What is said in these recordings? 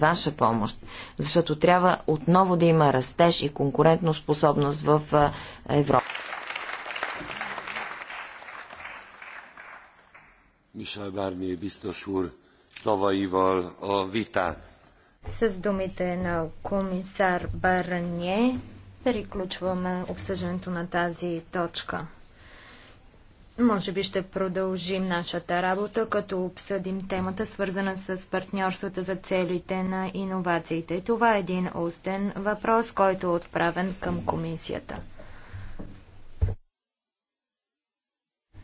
ваша помощ, защото трябва отново да има растеж и конкурентно способност в Европа. Мишел Барни biztos úr Сова a Вита. С думите на комисар Барние приключваме обсъждането на тази точка. Може би ще продължим нашата работа, като обсъдим темата, свързана с партньорствата за целите на иновациите. Това е един устен въпрос, който е отправен към комисията.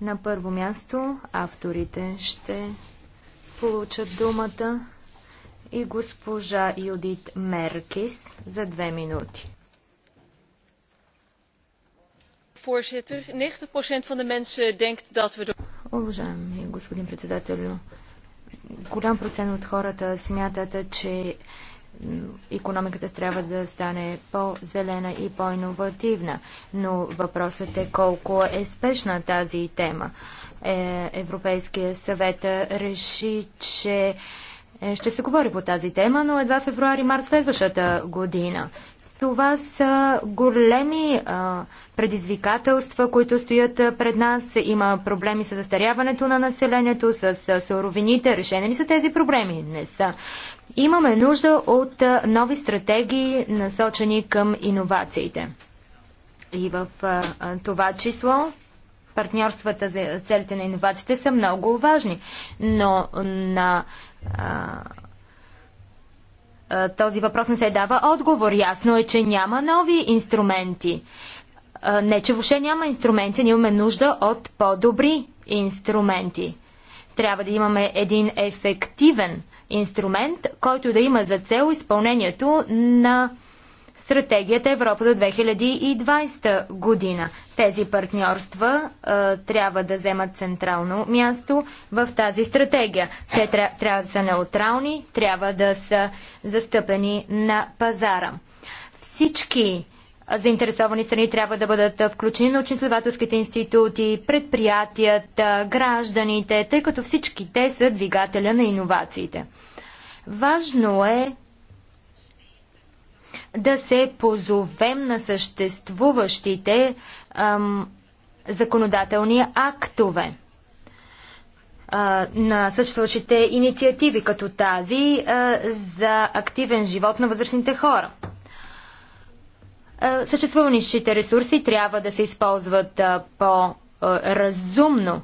На първо място авторите ще получат думата и госпожа Юдит Меркис за две минути. voorzitter. 90% van de mensen denkt dat we... Уважаеми господин председател, голям процент от хората смятат, че економиката трябва да стане по-зелена и по-инновативна. Но въпросът е колко е спешна тази тема. Е, Европейския съвет реши, че е, ще се говори по тази тема, но едва февруари-март следващата година. Това са големи а, предизвикателства, които стоят пред нас. Има проблеми с застаряването на населението, с, с суровините. Решени ли са тези проблеми? Не са. Имаме нужда от а, нови стратегии, насочени към иновациите. И в а, това число партньорствата за целите на иновациите са много важни. Но на а, е, този въпрос не се дава отговор. Ясно е, че няма нови инструменти. Е, не, че въобще няма инструменти, ние имаме нужда от по-добри инструменти. Трябва да имаме един ефективен инструмент, който да има за цел изпълнението на стратегията Европа до 2020 година. Тези партньорства а, е, трябва да вземат централно място в тази стратегия. Те тря, трябва да са неутрални, трябва да са застъпени на пазара. Всички заинтересовани страни трябва да бъдат включени на изследователските институти, предприятията, гражданите, тъй като всички те са двигателя на иновациите. Важно е да се позовем на съществуващите ам, законодателни актове а, на съществуващите инициативи, като тази а, за активен живот на възрастните хора. Съществуващите ресурси трябва да се използват по-разумно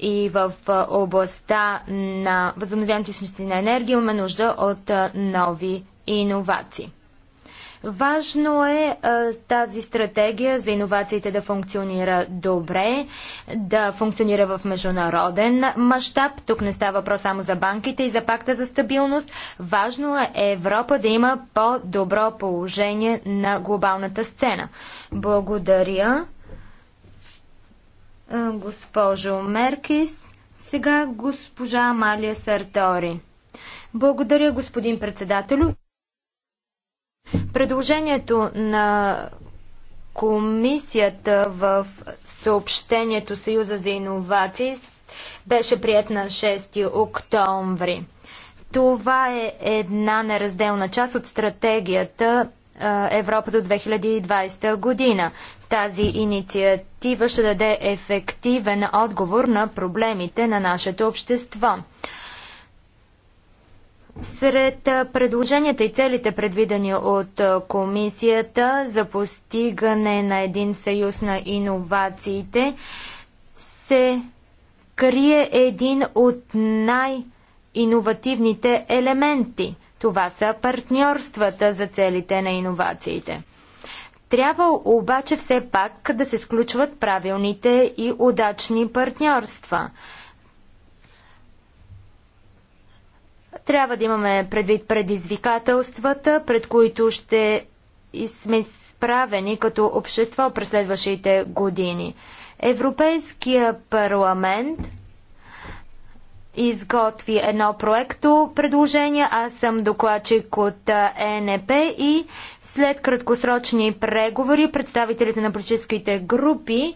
и в областта на възобновяемите източници на енергия имаме нужда от нови иновации. Важно е тази стратегия за иновациите да функционира добре, да функционира в международен мащаб. Тук не става въпрос само за банките и за пакта за стабилност. Важно е Европа да има по-добро положение на глобалната сцена. Благодаря, госпожо Меркис. Сега госпожа Амалия Сартори. Благодаря, господин председателю. Предложението на комисията в съобщението Съюза за иновации беше прият на 6 октомври. Това е една неразделна част от стратегията Европа до 2020 година. Тази инициатива ще даде ефективен отговор на проблемите на нашето общество. Сред предложенията и целите, предвидени от комисията за постигане на един съюз на иновациите, се крие един от най-иновативните елементи. Това са партньорствата за целите на иновациите. Трябва обаче все пак да се сключват правилните и удачни партньорства – Трябва да имаме предвид предизвикателствата, пред които ще сме изправени като общество през следващите години. Европейския парламент изготви едно проекто предложение. Аз съм докладчик от ЕНП и след краткосрочни преговори представителите на политическите групи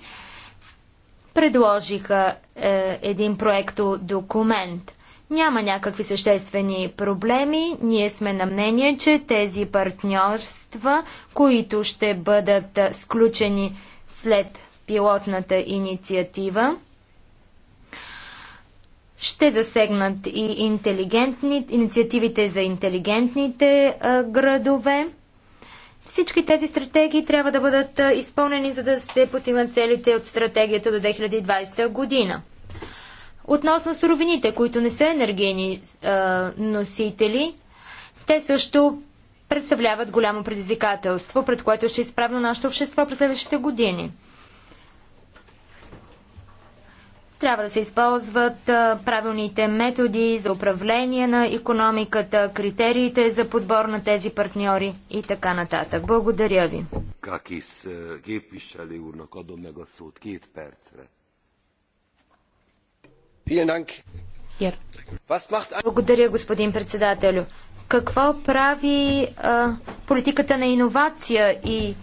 предложиха е, един проекто документ. Няма някакви съществени проблеми. Ние сме на мнение, че тези партньорства, които ще бъдат сключени след пилотната инициатива, ще засегнат и интелигентни, инициативите за интелигентните а, градове. Всички тези стратегии трябва да бъдат а, изпълнени, за да се постигнат целите от стратегията до 2020 година. Относно суровините, които не са енергийни а, носители, те също представляват голямо предизвикателство, пред което ще изправно нашето общество през следващите години. Трябва да се използват правилните методи за управление на економиката, критериите за подбор на тези партньори и така нататък. Благодаря ви. Как képviselő úrnak adom мега a szót két благодаря, господин председателю. Какво прави а, политиката на иновация и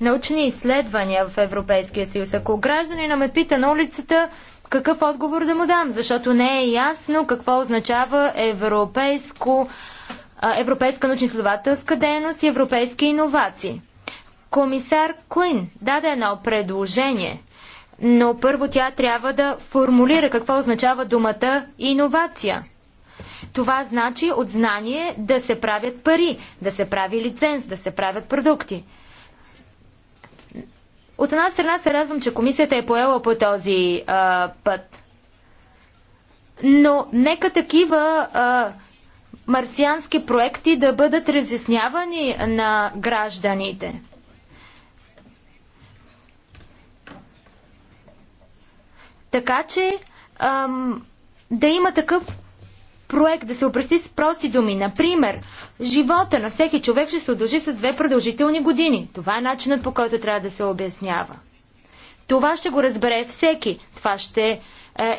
научни изследвания в Европейския съюз? Ако гражданина ме пита на улицата, какъв отговор да му дам? Защото не е ясно какво означава европейско, а, европейска научно-изследователска дейност и европейски иновации. Комисар Куин даде едно предложение – но първо тя трябва да формулира какво означава думата иновация. Това значи от знание да се правят пари, да се прави лиценз, да се правят продукти. От една страна се радвам, че комисията е поела по този а, път. Но нека такива а, марсиански проекти да бъдат разяснявани на гражданите. Така че ам, да има такъв проект, да се опрести с прости думи. Например, живота на всеки човек ще се удължи с две продължителни години. Това е начинът по който трябва да се обяснява. Това ще го разбере всеки. Това ще е,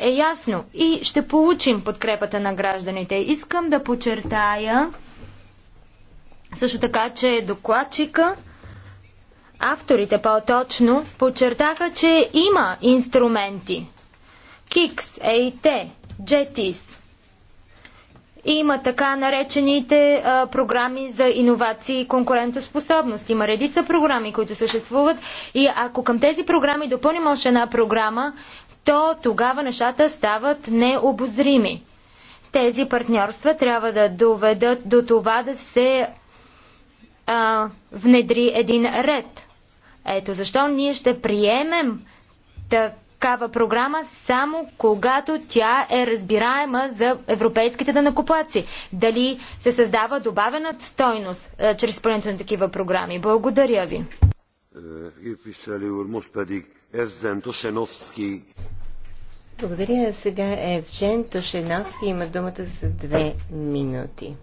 е ясно. И ще получим подкрепата на гражданите. Искам да почертая, също така, че докладчика Авторите по-точно подчертаха, че има инструменти КИКС, ЕИТ, JETIS. Има така наречените а, програми за иновации и конкурентоспособност. Има редица програми, които съществуват и ако към тези програми допълним още една програма, то тогава нещата стават необозрими. Тези партньорства трябва да доведат до това да се а, внедри един ред. Ето защо ние ще приемем така такава програма само когато тя е разбираема за европейските данакоплаци. Дали се създава добавена стойност а, е, чрез изпълнението на такива програми? Благодаря ви. Благодаря. Сега Евжен Тошеновски има думата за две минути.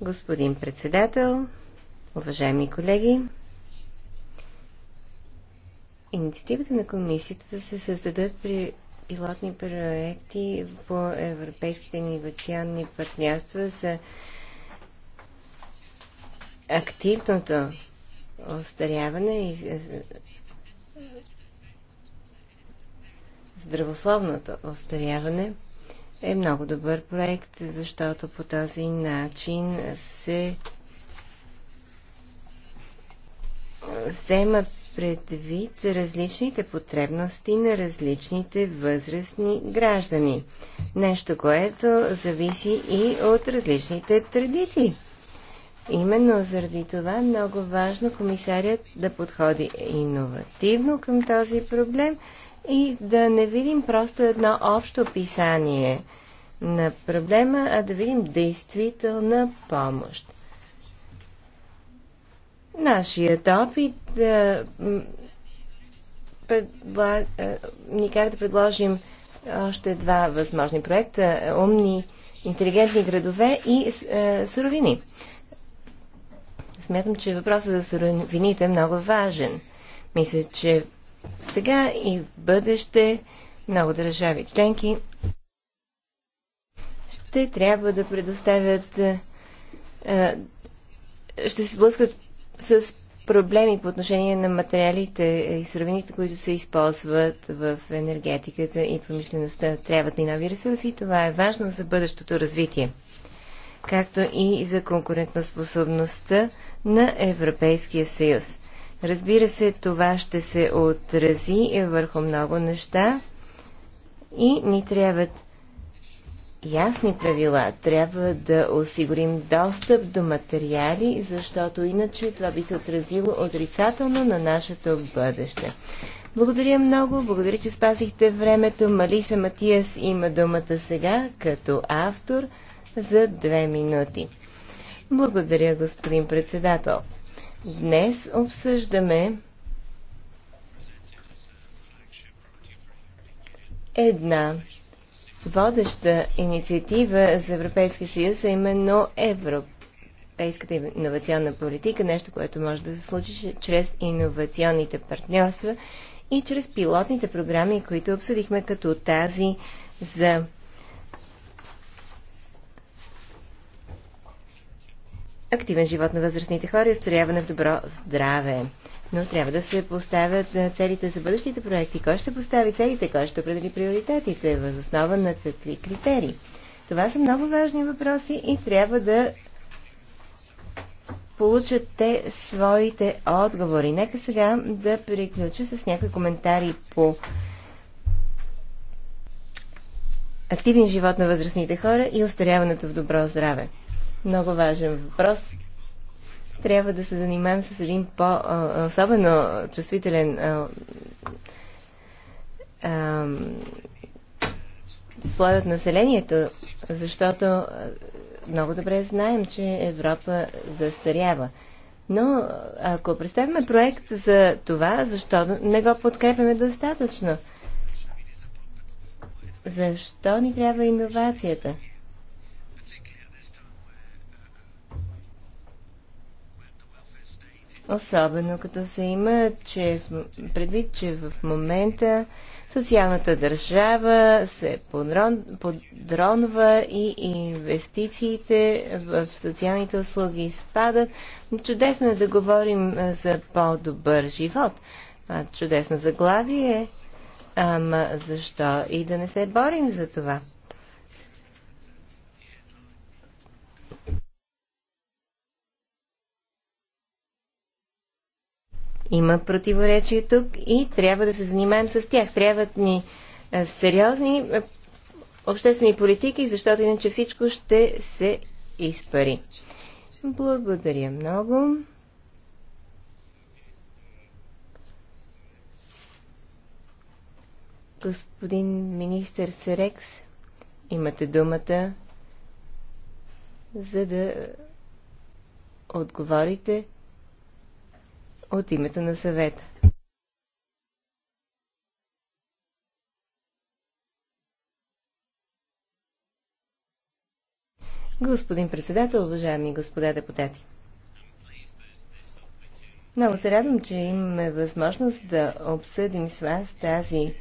Господин председател, уважаеми колеги, инициативата на комисията да се създадат при пилотни проекти по европейските инновационни партньорства за активното остаряване и е, здравословното остаряване е много добър проект, защото по този начин се вземат предвид различните потребности на различните възрастни граждани. Нещо, което зависи и от различните традиции. Именно заради това много важно комисарият да подходи иновативно към този проблем и да не видим просто едно общо описание на проблема, а да видим действителна помощ. Нашият опит да предла... ни кара да предложим още два възможни проекта умни, интелигентни градове и е, суровини. Смятам, че въпросът за суровините е много важен. Мисля, че сега и в бъдеще много държави членки ще трябва да предоставят е, ще се сблъскат с проблеми по отношение на материалите и суровините, които се използват в енергетиката и промишлеността. Трябват ни нови ресурси това е важно за бъдещото развитие, както и за конкурентоспособността на Европейския съюз. Разбира се, това ще се отрази върху много неща и ни трябват ясни правила. Трябва да осигурим достъп до материали, защото иначе това би се отразило отрицателно на нашето бъдеще. Благодаря много, благодаря, че спасихте времето. Малиса Матиас има думата сега като автор за две минути. Благодаря, господин председател. Днес обсъждаме една водеща инициатива за Европейския съюз, а е именно Европейската инновационна политика, нещо, което може да се случи чрез иновационните партньорства и чрез пилотните програми, които обсъдихме като тази за активен живот на възрастните хора и устаряване в добро здраве но трябва да се поставят целите за бъдещите проекти. Кой ще постави целите, кой ще определи приоритетите, въз основа на какви критерии. Това са много важни въпроси и трябва да получат те своите отговори. Нека сега да приключа с някои коментари по активен живот на възрастните хора и устаряването в добро здраве. Много важен въпрос, трябва да се занимаем с един по-особено чувствителен а, а, слой от населението, защото много добре знаем, че Европа застарява. Но ако представяме проект за това, защо не го подкрепяме достатъчно? Защо ни трябва иновацията? особено като се има че, предвид, че в момента социалната държава се подронва и инвестициите в социалните услуги спадат. Чудесно е да говорим за по-добър живот. Чудесно заглавие. Ама защо и да не се борим за това? Има противоречия тук и трябва да се занимаем с тях. Трябват ни сериозни обществени политики, защото иначе всичко ще се изпари. Благодаря много. Господин министър Серекс, имате думата, за да отговорите от името на съвета. Господин председател, уважаеми господа депутати. Много се радвам, че имаме възможност да обсъдим с вас тази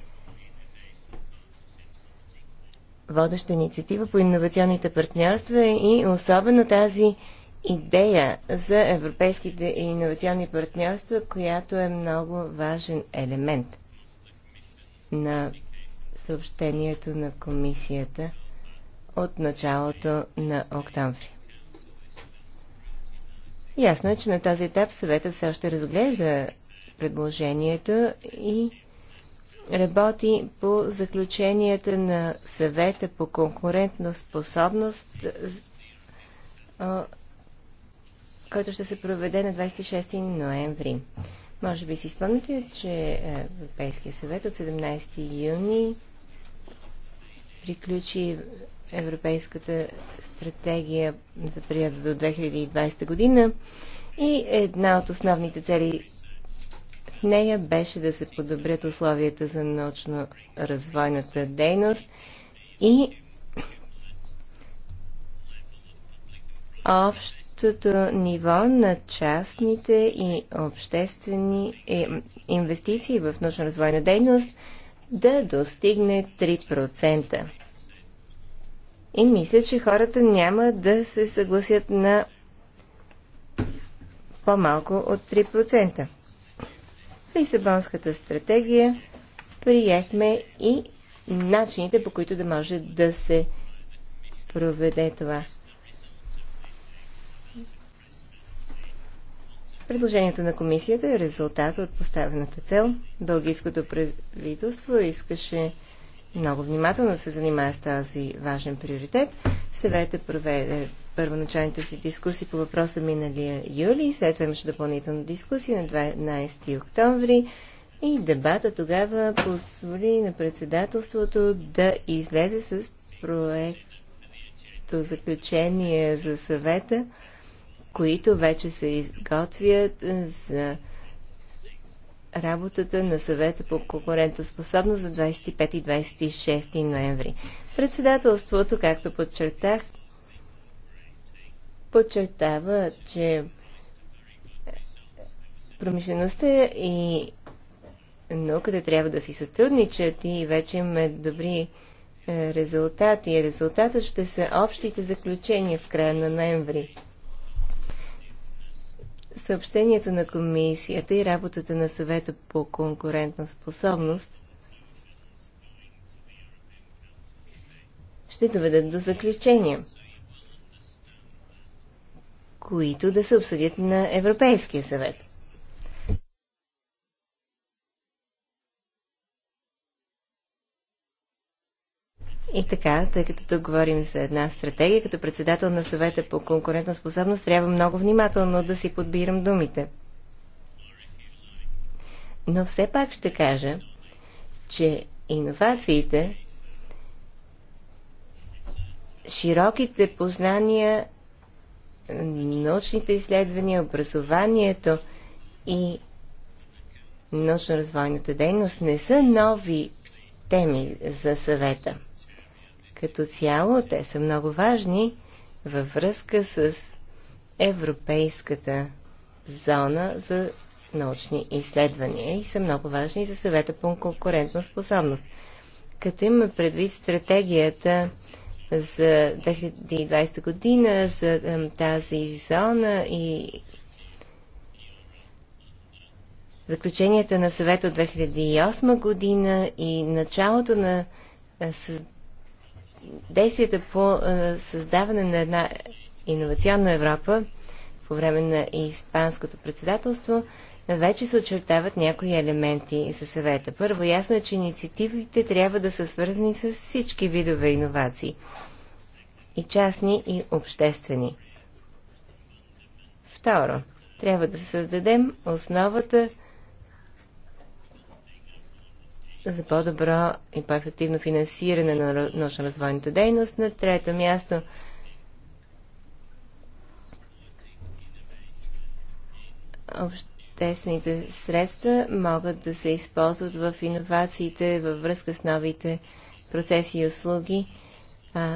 водеща инициатива по инновационните партньорства и особено тази идея за европейските и иновационни партньорства, която е много важен елемент на съобщението на комисията от началото на октомври. Ясно е, че на този етап съвета все още разглежда предложението и работи по заключенията на съвета по конкурентна способност който ще се проведе на 26 ноември. Може би си спомните, че е, Европейския съвет от 17 юни приключи Европейската стратегия за периода до 2020 година и една от основните цели в нея беше да се подобрят условията за научно-развойната дейност и общ общото ниво на частните и обществени е, инвестиции в научно-развойна дейност да достигне 3%. И мисля, че хората няма да се съгласят на по-малко от 3%. В Лисабонската стратегия приехме и начините, по които да може да се проведе това. Предложението на комисията е резултат от поставената цел. Бългийското правителство искаше много внимателно да се занимае с този важен приоритет. Съветът проведе първоначалните си дискусии по въпроса миналия юли, след това имаше допълнителна дискусия на 12 октомври и дебата тогава позволи на председателството да излезе с проект заключение за съвета които вече се изготвят е, за работата на съвета по конкурентоспособност за 25 и 26 ноември. Председателството, както подчертах, подчертава, че промишлеността и науката трябва да си сътрудничат и вече имаме добри е, резултати. Резултатът ще са общите заключения в края на ноември съобщението на комисията и работата на съвета по конкурентна способност ще доведат до заключения, които да се обсъдят на Европейския съвет. И така, тъй като тук говорим за една стратегия, като председател на съвета по конкурентна способност, трябва много внимателно да си подбирам думите. Но все пак ще кажа, че иновациите, широките познания, научните изследвания, образованието и научно-развойната дейност не са нови теми за съвета. Като цяло те са много важни във връзка с Европейската зона за научни изследвания и са много важни за съвета по конкурентна способност. Като имаме предвид стратегията за 2020 година, за тази зона и заключенията на съвета от 2008 година и началото на е, действията по създаване на една иновационна Европа по време на Испанското председателство вече се очертават някои елементи за съвета. Първо, ясно е, че инициативите трябва да са свързани с всички видове иновации. И частни, и обществени. Второ, трябва да създадем основата за по-добро и по-ефективно финансиране на научно-развойната дейност. На трето място обществените средства могат да се използват в иновациите във връзка с новите процеси и услуги.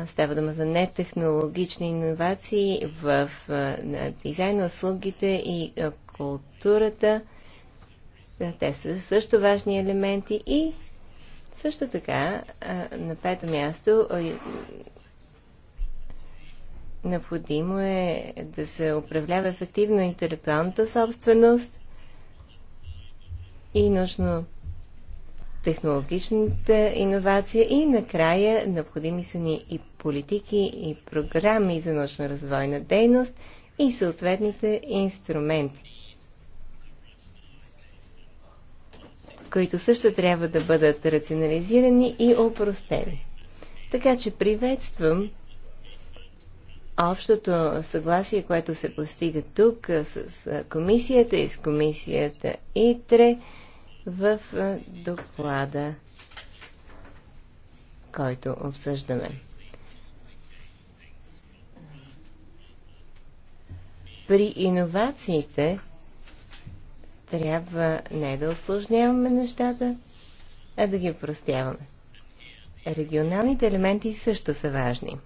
става дума за нетехнологични иновации в дизайна, услугите и културата. Те са също важни елементи и също така на пето място необходимо е да се управлява ефективно интелектуалната собственост и нужно технологичната иновация и накрая необходими са ни и политики и програми за научно-развойна дейност и съответните инструменти. които също трябва да бъдат рационализирани и опростени. Така че приветствам общото съгласие, което се постига тук с комисията и с комисията ИТРЕ в доклада, който обсъждаме. При иновациите трябва не да осложняваме нещата, а да ги простяваме. Регионалните елементи също са важни.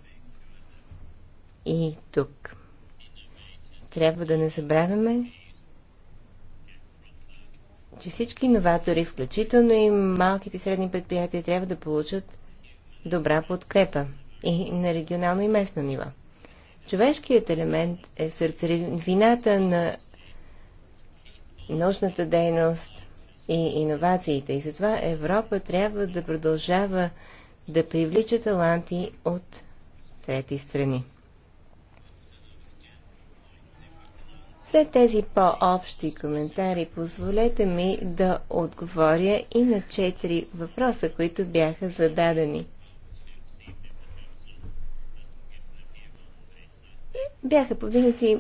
И тук трябва да не забравяме, че всички иноватори, включително и малките и средни предприятия, трябва да получат добра подкрепа и на регионално и местно ниво. Човешкият елемент е в сърцевината на научната дейност и иновациите. И затова Европа трябва да продължава да привлича таланти от трети страни. След тези по-общи коментари, позволете ми да отговоря и на четири въпроса, които бяха зададени. Бяха повдигнати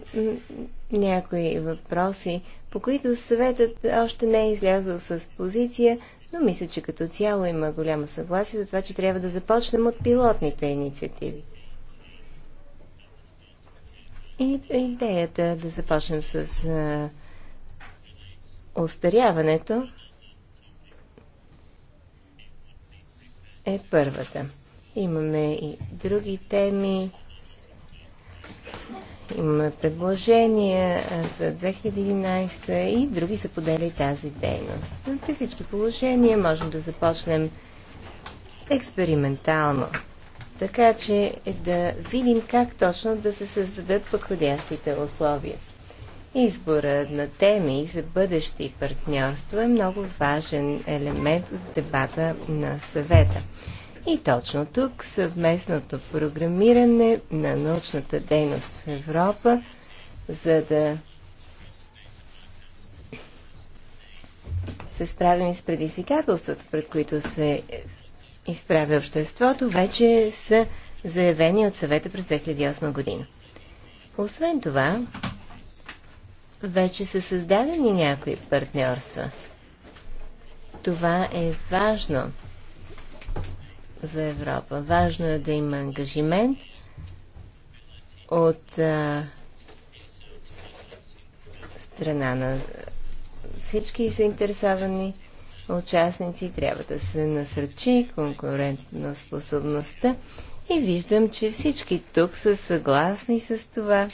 някои въпроси, по които съветът още не е излязъл с позиция, но мисля, че като цяло има голяма съгласие за това, че трябва да започнем от пилотните инициативи. И идеята да започнем с а, остаряването е първата. Имаме и други теми Имаме предложения за 2011 и други са подели тази дейност. При всички положения можем да започнем експериментално, така че е да видим как точно да се създадат подходящите условия. Избора на теми за бъдещи партньорства е много важен елемент от дебата на съвета. И точно тук съвместното програмиране на научната дейност в Европа, за да се справим с предизвикателствата, пред които се изправя обществото, вече са заявени от съвета през 2008 година. Освен това, вече са създадени някои партньорства. Това е важно – за Европа. Важно е да има ангажимент от а, страна на всички заинтересовани участници. Трябва да се насърчи конкурентна способността и виждам, че всички тук са съгласни с това.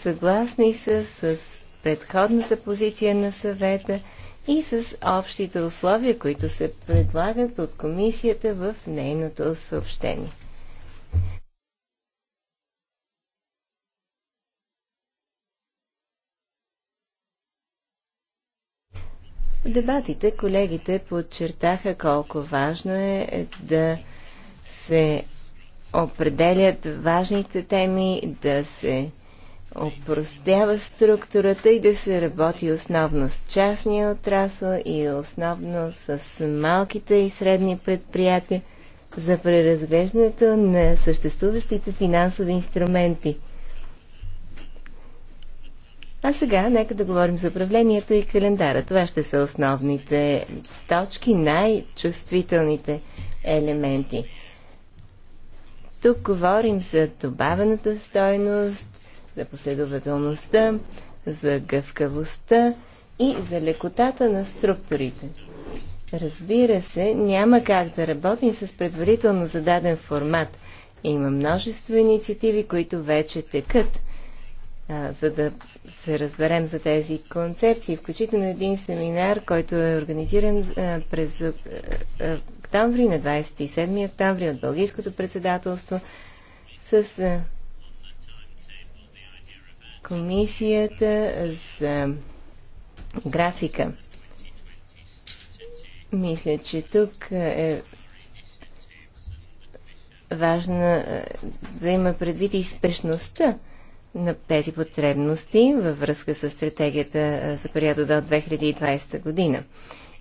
Съгласни са с предходната позиция на съвета и с общите условия, които се предлагат от комисията в нейното съобщение. В дебатите колегите подчертаха колко важно е да се определят важните теми, да се опростява структурата и да се работи основно с частния отрасъл и основно с малките и средни предприятия за преразглеждането на съществуващите финансови инструменти. А сега нека да говорим за управлението и календара. Това ще са основните точки, най-чувствителните елементи. Тук говорим за добавената стойност, за последователността, за гъвкавостта и за лекотата на структурите. Разбира се, няма как да работим с предварително зададен формат. Има множество инициативи, които вече текат, а, за да се разберем за тези концепции, включително един семинар, който е организиран а, през а, октомври, на 27 октомври от Бългийското председателство, с а, комисията за графика. Мисля, че тук е важно е, да има предвид и спешността на тези потребности във връзка с стратегията е, за периода до 2020 година.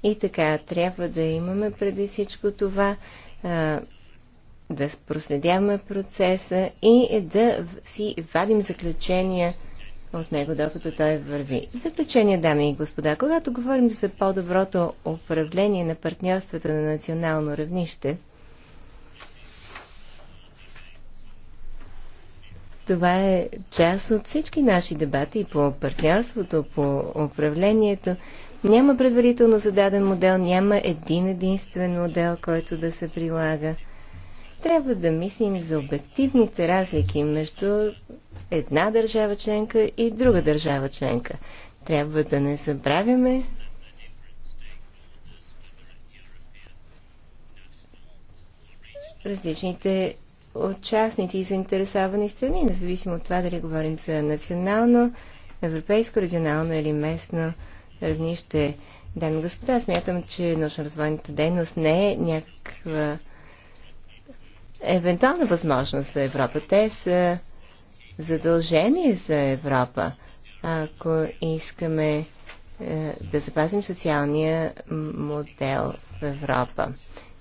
И така, трябва да имаме преди всичко това, е, да проследяваме процеса и да си вадим заключения от него, докато той върви. В заключение, дами и господа, когато говорим за по-доброто управление на партньорствата на национално равнище, това е част от всички наши дебати по партньорството, по управлението. Няма предварително зададен модел, няма един единствен модел, който да се прилага. Трябва да мислим за обективните разлики между една държава членка и друга държава членка. Трябва да не забравяме, различните участници и заинтересовани страни, независимо от това дали говорим за национално, европейско, регионално или местно равнище. Дами и господа, смятам, че научно-развойната дейност не е някаква евентуална възможност за Европа. Те са задължение за Европа, ако искаме е, да запазим социалния модел в Европа,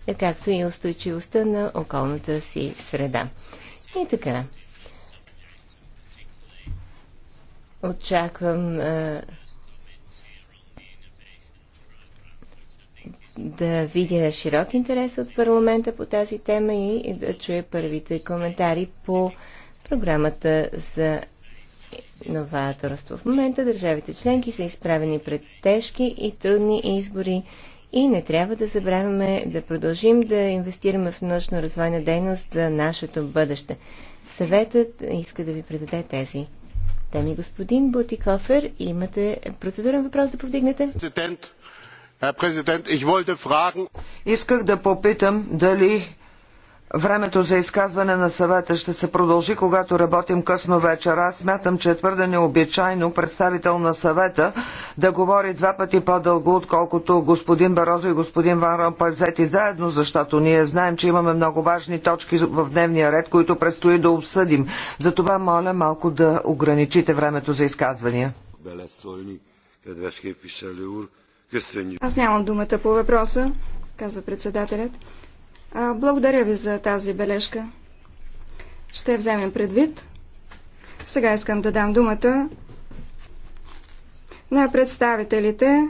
е както и устойчивостта на околната си среда. И така. Очаквам е, да видя широк интерес от парламента по тази тема и да чуя първите коментари по е, програмата за новаторство. В момента държавите членки са изправени пред тежки и трудни избори и не трябва да забравяме да продължим да инвестираме в научно-развойна дейност за нашето бъдеще. Съветът иска да ви предаде тези теми. Господин Бутикофер, имате процедурен въпрос да повдигнете? Президент, президент, Исках да попитам дали Времето за изказване на съвета ще се продължи, когато работим късно вечер. Аз смятам, че е твърде необичайно представител на съвета да говори два пъти по-дълго, отколкото господин Барозо и господин Ван Ромпой взети заедно, защото ние знаем, че имаме много важни точки в дневния ред, които предстои да обсъдим. Затова моля малко да ограничите времето за изказвания. Аз нямам думата по въпроса, казва председателят. Благодаря ви за тази бележка. Ще вземем предвид. Сега искам да дам думата на представителите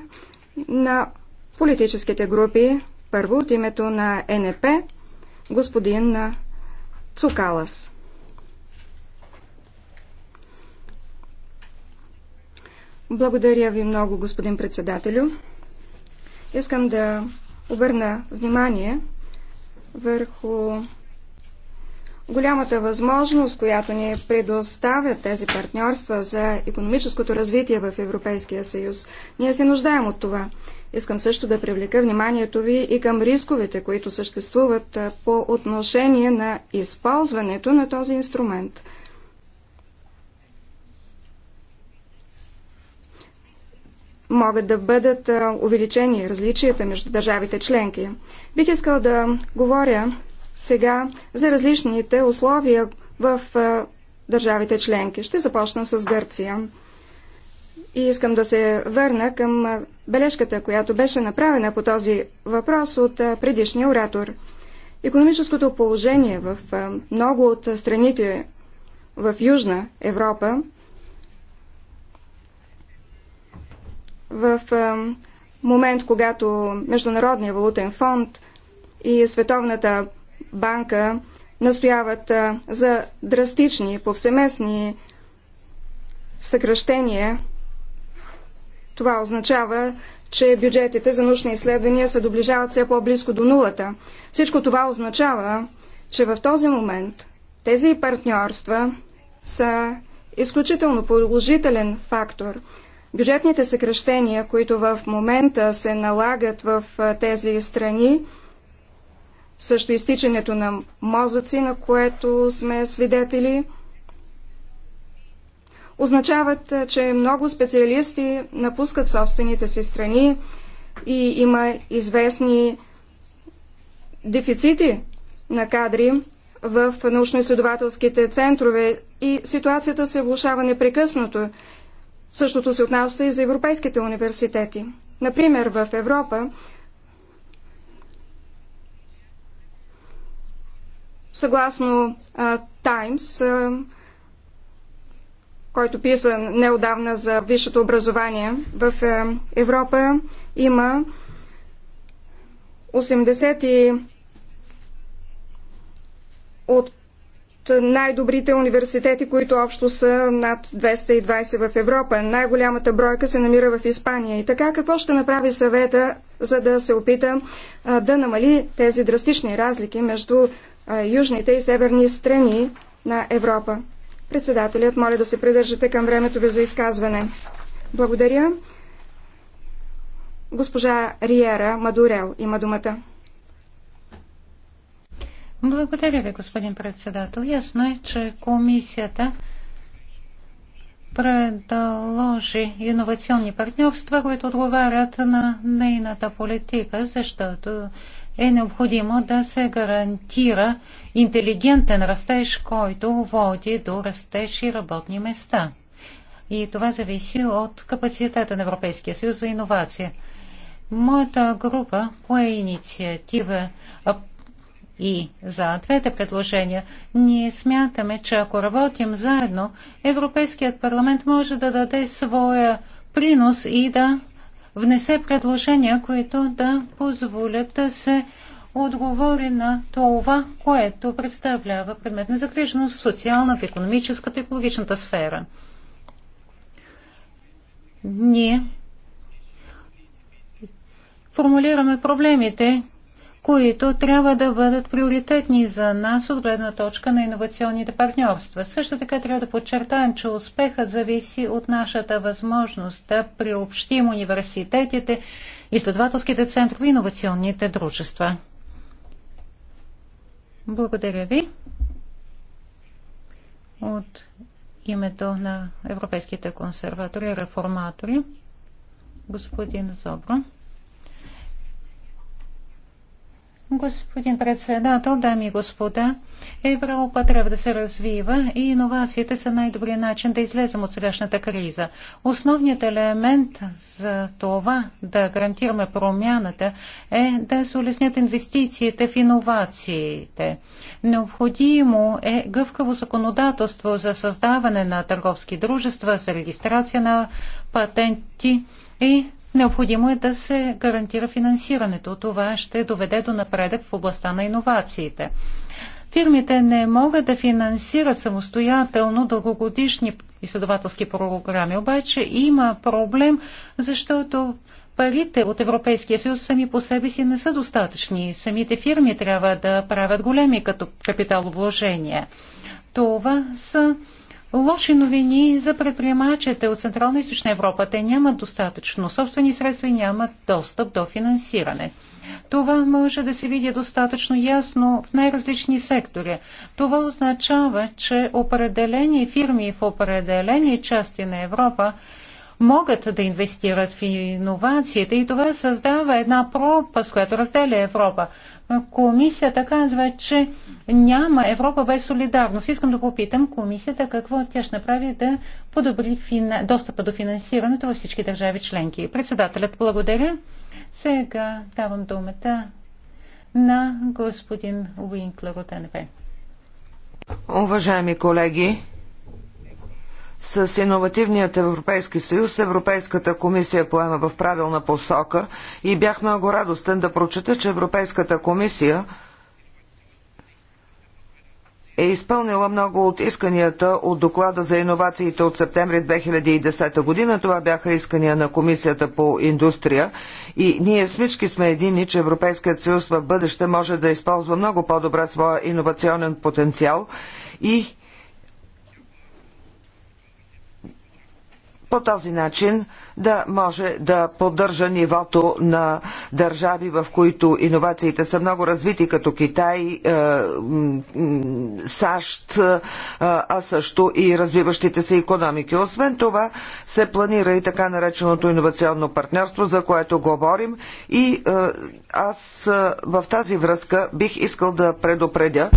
на политическите групи. Първо от името на НП, господин Цукалас. Благодаря ви много, господин председателю. Искам да обърна внимание върху голямата възможност, която ни предоставят тези партньорства за економическото развитие в Европейския съюз. Ние се нуждаем от това. Искам също да привлека вниманието ви и към рисковете, които съществуват по отношение на използването на този инструмент. могат да бъдат увеличени различията между държавите членки. Бих искал да говоря сега за различните условия в държавите членки. Ще започна с Гърция. И искам да се върна към бележката, която беше направена по този въпрос от предишния оратор. Економическото положение в много от страните в Южна Европа в момент, когато Международния валутен фонд и Световната банка настояват за драстични, повсеместни съкръщения, това означава, че бюджетите за научни изследвания се доближават все по-близко до нулата. Всичко това означава, че в този момент тези партньорства са изключително положителен фактор – Бюджетните съкръщения, които в момента се налагат в тези страни, също изтичането на мозъци, на което сме свидетели, означават, че много специалисти напускат собствените си страни и има известни дефицити на кадри в научно-изследователските центрове и ситуацията се влушава непрекъснато. Същото се отнася и за европейските университети. Например, в Европа съгласно Таймс, който писа неодавна за висшето образование, в Европа има 80 от от най-добрите университети, които общо са над 220 в Европа. Най-голямата бройка се намира в Испания. И така, какво ще направи съвета, за да се опита а, да намали тези драстични разлики между а, южните и северни страни на Европа? Председателят, моля да се придържате към времето ви за изказване. Благодаря. Госпожа Риера Мадурел има думата. Благодаря ви, господин председател. Ясно е, че комисията предложи иновационни партньорства, които отговарят на нейната политика, защото е необходимо да се гарантира интелигентен растеж, който води до растеж и работни места. И това зависи от капацитета на Европейския съюз за иновация. Моята група по инициатива и за двете предложения. Ние смятаме, че ако работим заедно, Европейският парламент може да даде своя принос и да внесе предложения, които да позволят да се отговори на това, което представлява предмет на загриженост в социалната, економическата и екологичната сфера. Ние формулираме проблемите, които трябва да бъдат приоритетни за нас от гледна точка на иновационните партньорства. Също така трябва да подчертаем, че успехът зависи от нашата възможност да приобщим университетите, изследователските центрове и иновационните дружества. Благодаря ви. От името на европейските консерватори и реформатори, господин Зобро. Господин председател, дами и господа, Европа трябва да се развива и иновациите са най-добрият начин да излезем от сегашната криза. Основният елемент за това да гарантираме промяната е да се улеснят инвестициите в иновациите. Необходимо е гъвкаво законодателство за създаване на търговски дружества, за регистрация на патенти и Необходимо е да се гарантира финансирането. Това ще доведе до напредък в областта на иновациите. Фирмите не могат да финансират самостоятелно дългогодишни изследователски програми, обаче има проблем, защото парите от Европейския съюз сами по себе си не са достатъчни. Самите фирми трябва да правят големи като капиталовложения. Това са лоши новини за предприемачите от Централна и Източна Европа. Те нямат достатъчно собствени средства и нямат достъп до финансиране. Това може да се види достатъчно ясно в най-различни сектори. Това означава, че определени фирми в определени части на Европа могат да инвестират в иновациите и това създава една пропаст, която разделя Европа. Комисията казва, че няма Европа без солидарност. Искам да попитам комисията какво тя ще направи да подобри фина... достъпа до финансирането във всички държави членки. Председателят, благодаря. Сега давам думата на господин Уинклер от НП. Уважаеми колеги, с иновативният Европейски съюз Европейската комисия поема в правилна посока и бях много радостен да прочета, че Европейската комисия е изпълнила много от исканията от доклада за иновациите от септември 2010 година. Това бяха искания на Комисията по индустрия и ние всички сме едини, че Европейският съюз в бъдеще може да използва много по-добре своя иновационен потенциал и по този начин да може да поддържа нивото на държави, в които иновациите са много развити, като Китай, е, САЩ, е, а също и развиващите се економики. Освен това се планира и така нареченото иновационно партньорство, за което говорим и е, аз в тази връзка бих искал да предупредя,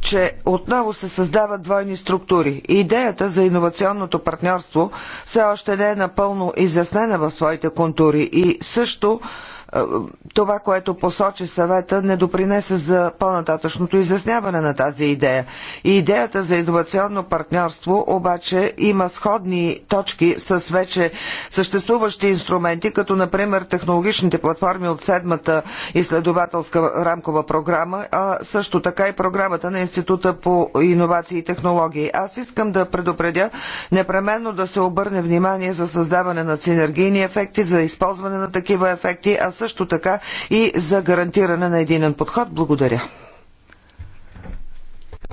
че отново се създават двойни структури. Идеята за иновационното партньорство все още не е напълно изяснена в своите контури и също това, което посочи съвета, не допринесе за по-нататъчното изясняване на тази идея. И идеята за иновационно партньорство обаче има сходни точки с вече съществуващи инструменти, като например технологичните платформи от седмата изследователска рамкова програма, а също така и програмата на Института по иновации и технологии. Аз искам да предупредя непременно да се обърне внимание за създаване на синергийни ефекти, за използване на такива ефекти, а също така и за гарантиране на единен подход. Благодаря.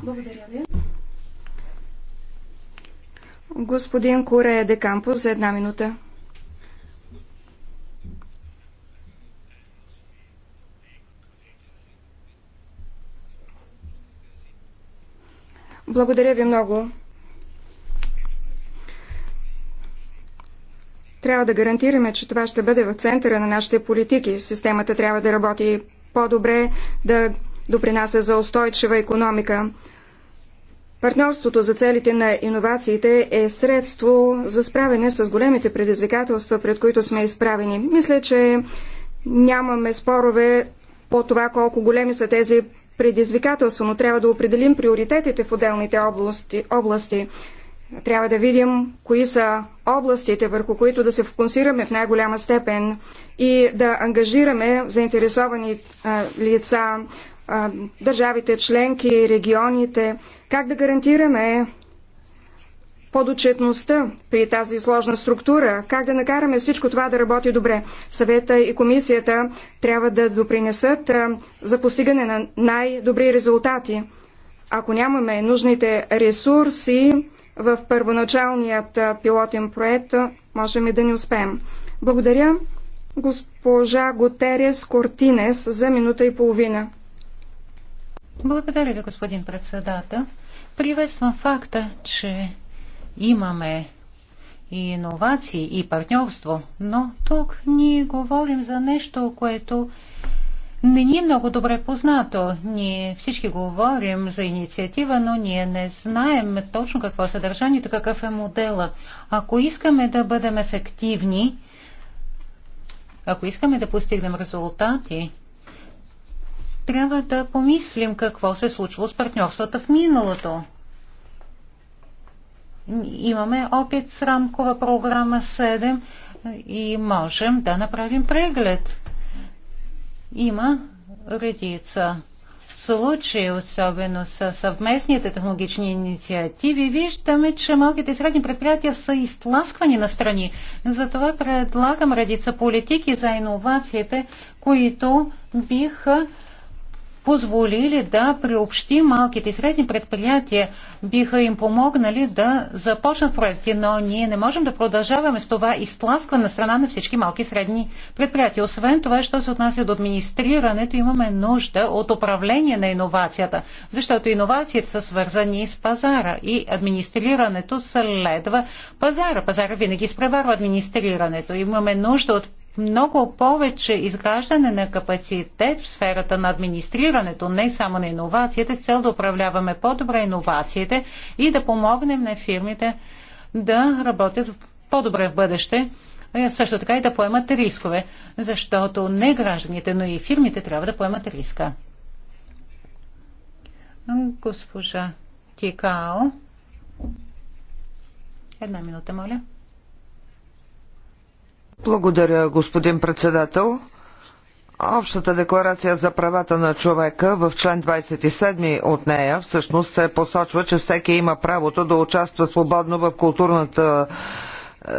Благодаря ви. Господин Корея де Кампус за една минута. Благодаря ви много. Трябва да гарантираме, че това ще бъде в центъра на нашите политики. Системата трябва да работи по-добре, да допринася за устойчива економика. Партньорството за целите на иновациите е средство за справяне с големите предизвикателства, пред които сме изправени. Мисля, че нямаме спорове по това колко големи са тези предизвикателства, но трябва да определим приоритетите в отделните области. области. Трябва да видим кои са областите, върху които да се фокусираме в най-голяма степен и да ангажираме заинтересовани а, лица, а, държавите членки, регионите, как да гарантираме подучетността при тази сложна структура, как да накараме всичко това да работи добре. Съвета и комисията трябва да допринесат за постигане на най-добри резултати. Ако нямаме нужните ресурси, в първоначалният пилотен проект можем и да не успеем. Благодаря госпожа Готерес Кортинес за минута и половина. Благодаря ви, господин председател. Приветствам факта, че имаме и иновации, и партньорство, но тук ние говорим за нещо, което не ни е много добре познато. Ние всички говорим за инициатива, но ние не знаем точно какво е съдържанието, какъв е модела. Ако искаме да бъдем ефективни, ако искаме да постигнем резултати, трябва да помислим какво се е случило с партньорствата в миналото. Имаме опит с рамкова програма 7 и можем да направим преглед има редица случаи, особено с съвместните технологични инициативи, виждаме, че малките и средни предприятия са изтласквани на страни. Затова предлагам редица политики за иновациите, които биха позволили да приобщи малките и средни предприятия, биха им помогнали да започнат проекти, но ние не можем да продължаваме с това изтласкване на страна на всички малки и средни предприятия. Освен това, що се отнася до администрирането, имаме нужда от управление на иновацията, защото иновациите са свързани с пазара и администрирането следва пазара. Пазара винаги изпреварва администрирането. Имаме нужда от много повече изграждане на капацитет в сферата на администрирането, не само на иновациите, с цел да управляваме по-добре иновациите и да помогнем на фирмите да работят по-добре в бъдеще, е, също така и да поемат рискове, защото не гражданите, но и фирмите трябва да поемат риска. Госпожа Тикао. Една минута, моля. Благодаря, господин председател. Общата декларация за правата на човека в член 27 от нея всъщност се посочва, че всеки има правото да участва свободно в културната е,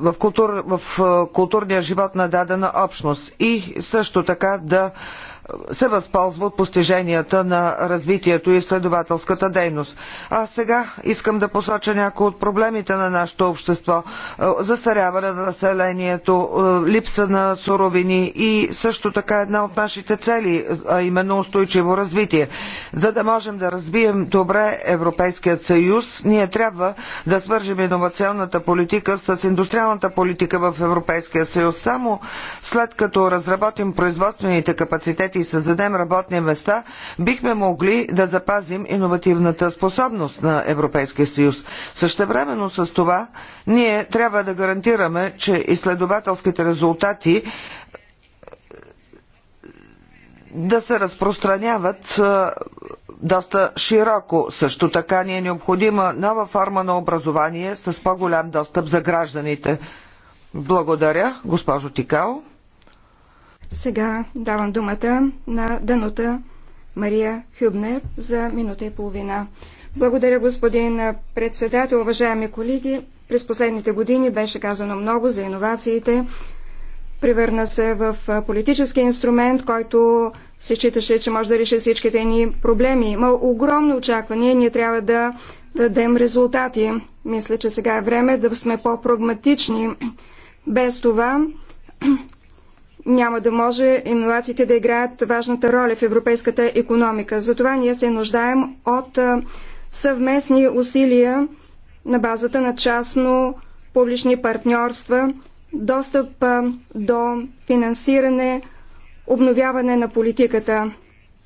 в, култур, в е, културния живот на дадена общност и също така да се възползва от постиженията на развитието и изследователската дейност. А сега искам да посоча някои от проблемите на нашето общество. Е, застаряване на населението, е, липса на суровини и също така една от нашите цели, а именно устойчиво развитие. За да можем да разбием добре Европейският съюз, ние трябва да свържем иновационната политика с индустриалната политика в Европейския съюз. Само след като разработим производствените капацитети и създадем работни места, бихме могли да запазим иновативната способност на Европейския съюз. Същевременно с това, ние трябва да гарантираме, че изследователските резултати е, да се разпространяват е, доста широко. Също така ни е необходима нова форма на образование с по-голям достъп за гражданите. Благодаря, госпожо Тикао. Сега давам думата на Данута Мария Хюбнер за минута и половина. Благодаря, господин председател, уважаеми колеги. През последните години беше казано много за иновациите. Превърна се в политически инструмент, който се считаше, че може да реши всичките ни проблеми. Има огромно очакване. Ние трябва да дадем резултати. Мисля, че сега е време да сме по-прагматични. Без това няма да може иновациите да играят важната роля в европейската економика. Затова ние се нуждаем от съвместни усилия на базата на частно-публични партньорства, достъп до финансиране, обновяване на политиката.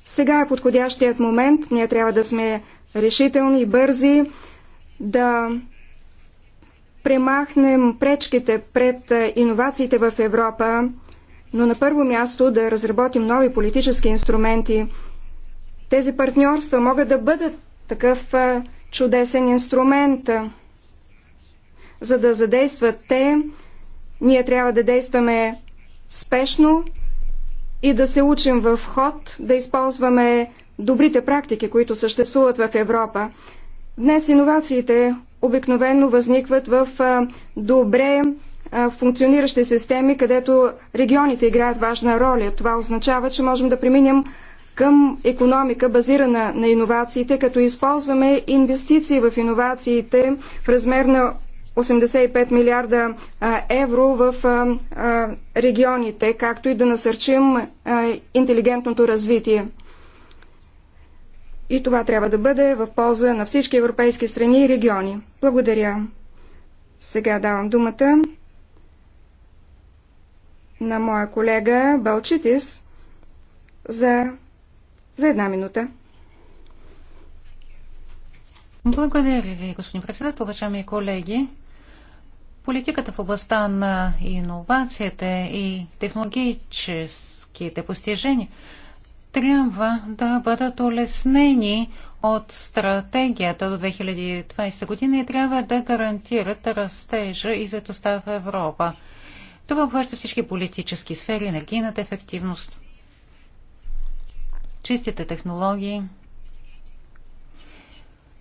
Сега е подходящият момент. Ние трябва да сме решителни и бързи, да премахнем пречките пред иновациите в Европа, но на първо място да разработим нови политически инструменти. Тези партньорства могат да бъдат такъв чудесен инструмент. За да задействат те, ние трябва да действаме спешно и да се учим в ход, да използваме добрите практики, които съществуват в Европа. Днес иновациите обикновенно възникват в добре функциониращи системи, където регионите играят важна роля. Това означава, че можем да преминем към економика, базирана на иновациите, като използваме инвестиции в иновациите в размер на 85 милиарда евро в регионите, както и да насърчим интелигентното развитие. И това трябва да бъде в полза на всички европейски страни и региони. Благодаря. Сега давам думата на моя колега Балчитис за, за една минута. Благодаря ви, господин председател, уважаеми колеги. Политиката в областта на иновацията и технологическите постижения трябва да бъдат улеснени от стратегията до 2020 година и трябва да гарантират растежа и заетостта в Европа. Това обхваща всички политически сфери, енергийната ефективност, чистите технологии,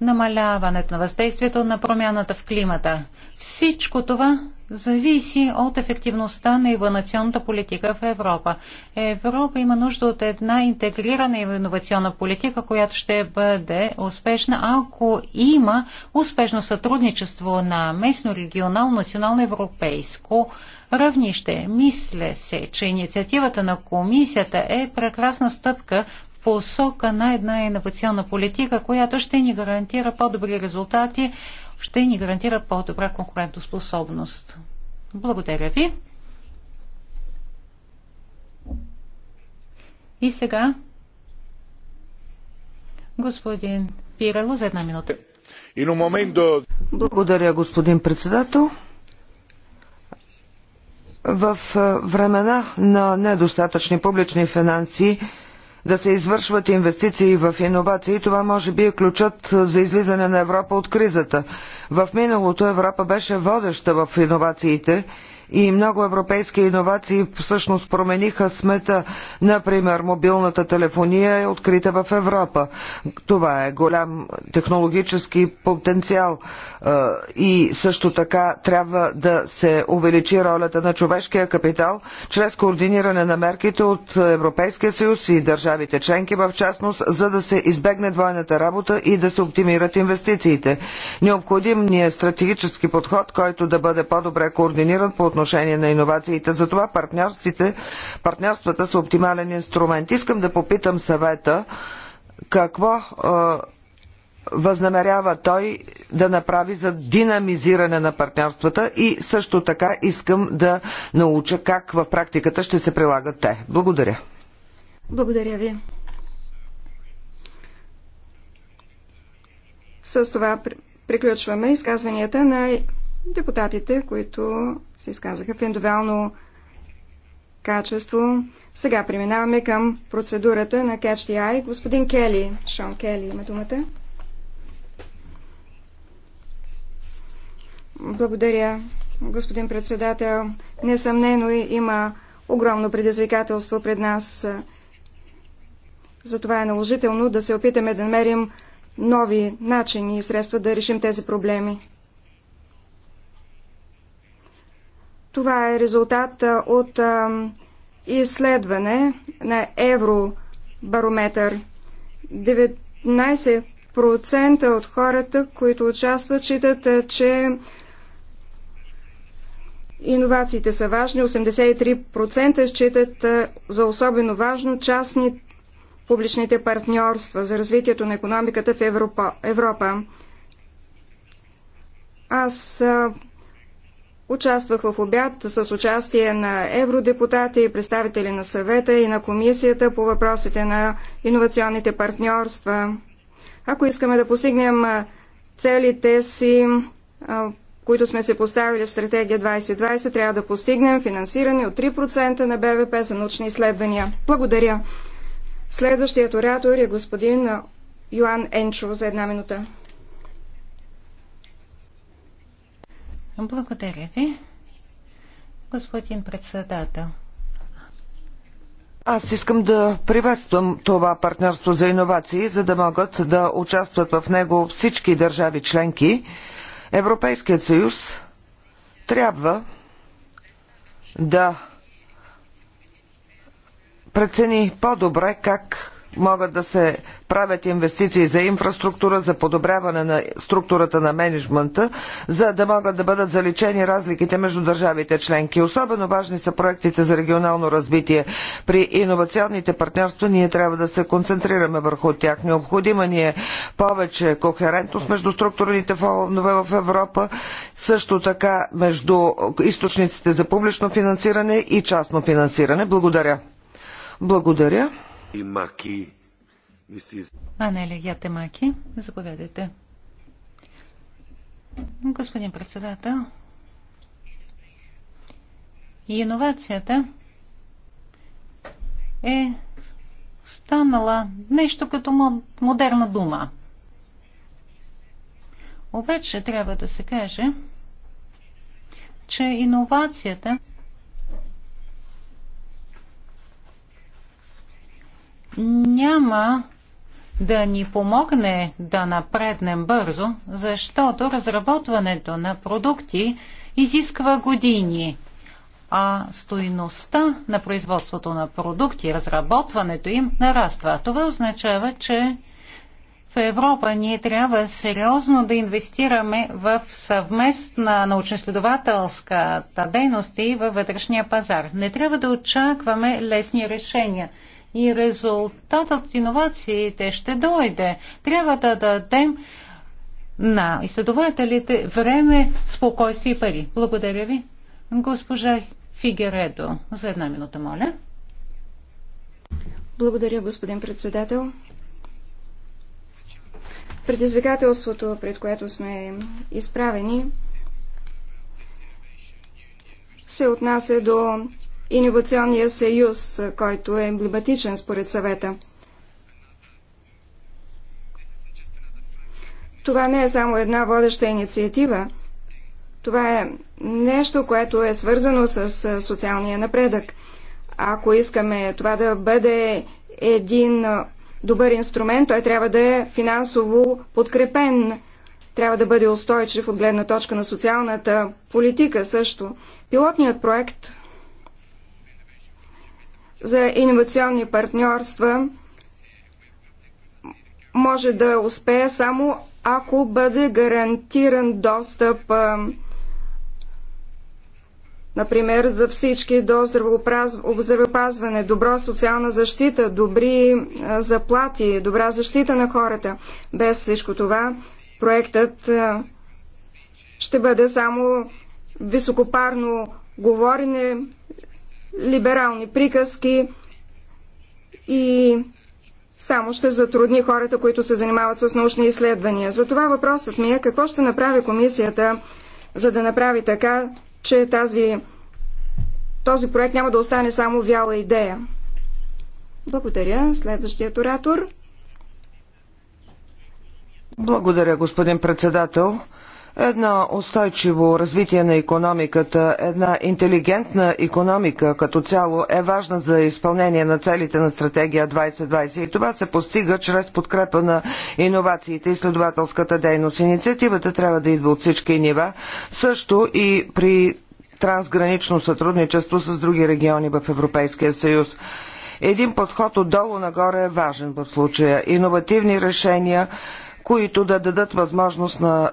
намаляването на въздействието на промяната в климата. Всичко това зависи от ефективността на инновационната политика в Европа. Европа има нужда от една интегрирана инновационна политика, която ще бъде успешна, ако има успешно сътрудничество на местно, регионално, национално, европейско равнище. Мисля се, че инициативата на комисията е прекрасна стъпка посока на една иновационна политика, която ще ни гарантира по-добри резултати, ще ни гарантира по-добра конкурентоспособност. Благодаря ви. И сега господин Пирало за една минута. Благодаря, господин председател. В времена на недостатъчни публични финанси да се извършват инвестиции в иновации, това може би е ключът за излизане на Европа от кризата. В миналото Европа беше водеща в иновациите и много европейски иновации всъщност промениха смета. Например, мобилната телефония е открита в Европа. Това е голям технологически потенциал и също така трябва да се увеличи ролята на човешкия капитал чрез координиране на мерките от Европейския съюз и държавите членки в частност, за да се избегне двойната работа и да се оптимират инвестициите. Необходим ни е стратегически подход, който да бъде по-добре координиран по отношение отношение на иновациите. Затова партньорствата са оптимален инструмент. Искам да попитам съвета какво е, възнамерява той да направи за динамизиране на партньорствата и също така искам да науча как в практиката ще се прилагат те. Благодаря. Благодаря ви. С това приключваме изказванията на депутатите, които се изказаха в индивидуално качество. Сега преминаваме към процедурата на Catch the Eye. Господин Кели, Шон Кели има думата. Благодаря, господин председател. Несъмнено има огромно предизвикателство пред нас. Затова е наложително да се опитаме да намерим нови начини и средства да решим тези проблеми. Това е резултат от изследване на Евробарометър. 19% от хората, които участват, считат, че иновациите са важни. 83% считат за особено важно частни публичните партньорства за развитието на економиката в Европа. Аз Участвах в обяд с участие на евродепутати, представители на съвета и на комисията по въпросите на иновационните партньорства. Ако искаме да постигнем целите си, които сме се поставили в стратегия 2020, трябва да постигнем финансиране от 3% на БВП за научни изследвания. Благодаря. Следващият оратор е господин Йоан Енчо за една минута. Благодаря ви, господин председател. Аз искам да приветствам това партньорство за иновации, за да могат да участват в него всички държави членки. Европейският съюз трябва да прецени по-добре как могат да се правят инвестиции за инфраструктура, за подобряване на структурата на менеджмента, за да могат да бъдат заличени разликите между държавите членки. Особено важни са проектите за регионално развитие. При иновационните партньорства ние трябва да се концентрираме върху тях. Необходима ни е повече кохерентност между структурните фондове в Европа, също така между източниците за публично финансиране и частно финансиране. Благодаря. Благодаря. Анелия, Ятемаки, заповядайте. Господин председател, иновацията е станала нещо като модерна дума. Обаче трябва да се каже, че иновацията няма да ни помогне да напреднем бързо, защото разработването на продукти изисква години, а стоиността на производството на продукти, разработването им нараства. Това означава, че в Европа ние трябва сериозно да инвестираме в съвместна научно-следователската дейност и във вътрешния пазар. Не трябва да очакваме лесни решения – и резултат от иновациите ще дойде. Трябва да дадем на изследователите време, спокойствие и пари. Благодаря ви. Госпожа Фигередо, за една минута, моля. Благодаря, господин председател. Предизвикателството, пред което сме изправени, се отнася до Иновационния съюз, който е емблематичен според съвета. Това не е само една водеща инициатива. Това е нещо, което е свързано с социалния напредък. Ако искаме това да бъде един добър инструмент, той трябва да е финансово подкрепен. Трябва да бъде устойчив от гледна точка на социалната политика също. Пилотният проект за иновационни партньорства може да успее само ако бъде гарантиран достъп, например, за всички до здравеопазване, добро социална защита, добри заплати, добра защита на хората. Без всичко това проектът ще бъде само високопарно говорене, либерални приказки и само ще затрудни хората, които се занимават с научни изследвания. Затова въпросът ми е какво ще направи комисията, за да направи така, че тази, този проект няма да остане само вяла идея. Благодаря. Следващият оратор. Благодаря, господин председател. Едно устойчиво развитие на економиката, една интелигентна економика като цяло е важна за изпълнение на целите на стратегия 2020 и това се постига чрез подкрепа на иновациите и следователската дейност. Инициативата трябва да идва от всички нива, също и при трансгранично сътрудничество с други региони в Европейския съюз. Един подход отдолу нагоре е важен в случая. Иновативни решения – които да дадат възможност на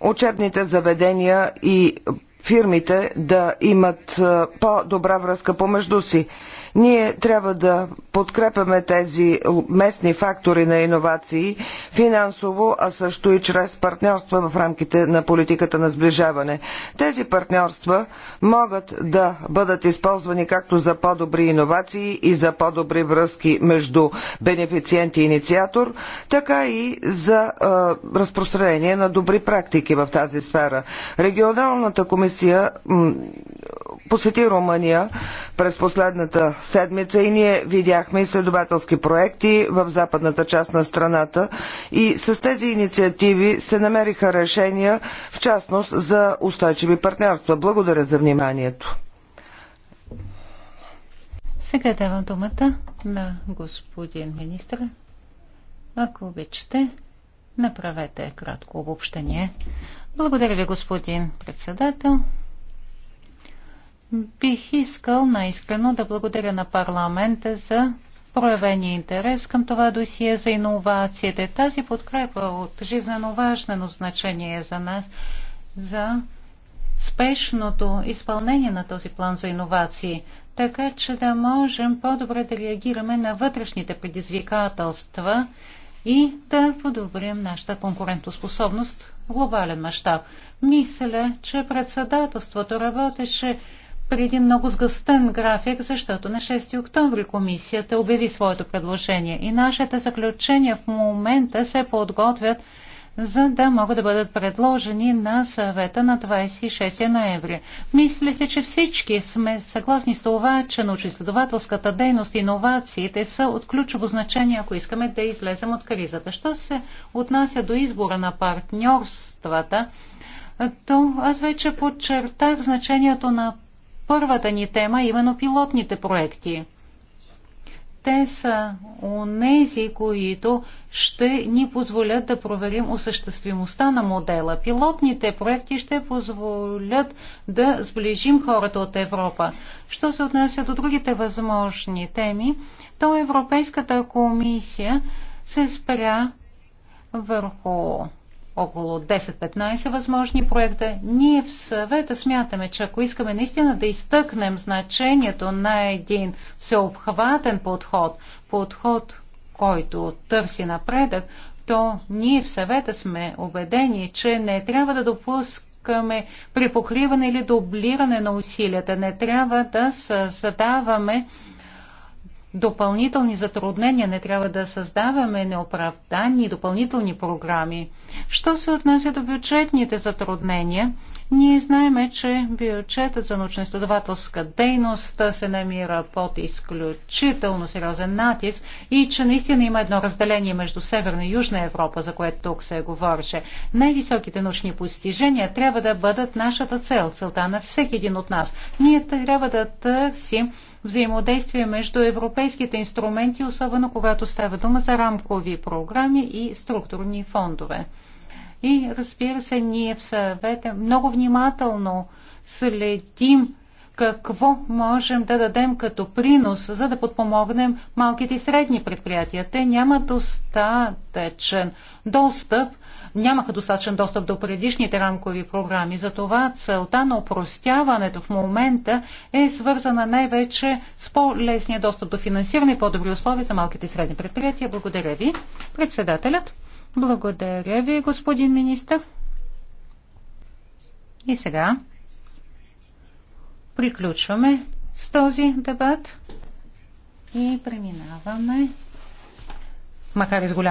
учебните заведения и фирмите да имат по-добра връзка помежду си. Ние трябва да подкрепяме тези местни фактори на иновации финансово, а също и чрез партньорства в рамките на политиката на сближаване. Тези партньорства могат да бъдат използвани както за по-добри иновации и за по-добри връзки между бенефициент и инициатор, така и за разпространение на добри практики в тази сфера. Регионалната комисия посети Румъния през последната седмица и ние видяхме изследователски проекти в западната част на страната и с тези инициативи се намериха решения, в частност за устойчиви партньорства. Благодаря за вниманието. Сега давам думата на господин министр. Ако обичате, направете кратко обобщение. Благодаря ви, господин председател. Бих искал наискрено да благодаря на парламента за проявения интерес към това досие за иновациите. Тази подкрепа от жизнено важно значение е за нас за спешното изпълнение на този план за иновации, така че да можем по-добре да реагираме на вътрешните предизвикателства и да подобрим нашата конкурентоспособност в глобален мащаб. Мисля, че председателството работеше при един много сгъстен график, защото на 6 октомври комисията обяви своето предложение и нашите заключения в момента се подготвят за да могат да бъдат предложени на съвета на 26 ноември. Мисля се, че всички сме съгласни с това, че научно-изследователската дейност и иновациите са от ключово значение, ако искаме да излезем от кризата. Що се отнася до избора на партньорствата, то аз вече подчертах значението на първата ни тема, именно пилотните проекти. Те са онези, които ще ни позволят да проверим осъществимостта на модела. Пилотните проекти ще позволят да сближим хората от Европа. Що се отнася до другите възможни теми, то Европейската комисия се спря върху около 10-15 възможни проекта. Ние в съвета смятаме, че ако искаме наистина да изтъкнем значението на един всеобхватен подход, подход, който търси напредък, то ние в съвета сме убедени, че не трябва да допускаме припокриване или дублиране на усилията. Не трябва да създаваме допълнителни затруднения, не трябва да създаваме неоправдани допълнителни програми. Що се отнася до бюджетните затруднения, ние знаеме, че бюджетът за научно-изследователска дейност се намира под изключително сериозен натиск и че наистина има едно разделение между Северна и Южна Европа, за което тук се говореше. Най-високите научни постижения трябва да бъдат нашата цел, целта на всеки един от нас. Ние трябва да търсим взаимодействие между европейските инструменти, особено когато става дума за рамкови програми и структурни фондове. И разбира се, ние в съвета много внимателно следим какво можем да дадем като принос, за да подпомогнем малките и средни предприятия. Те нямат достатъчен достъп, нямаха достатъчен достъп до предишните рамкови програми. Затова целта на упростяването в момента е свързана най-вече с по-лесния достъп до финансиране и по-добри условия за малките и средни предприятия. Благодаря ви, председателят. Благодаря ви, господин министр. И сега приключваме с този дебат и преминаваме, макар и с голям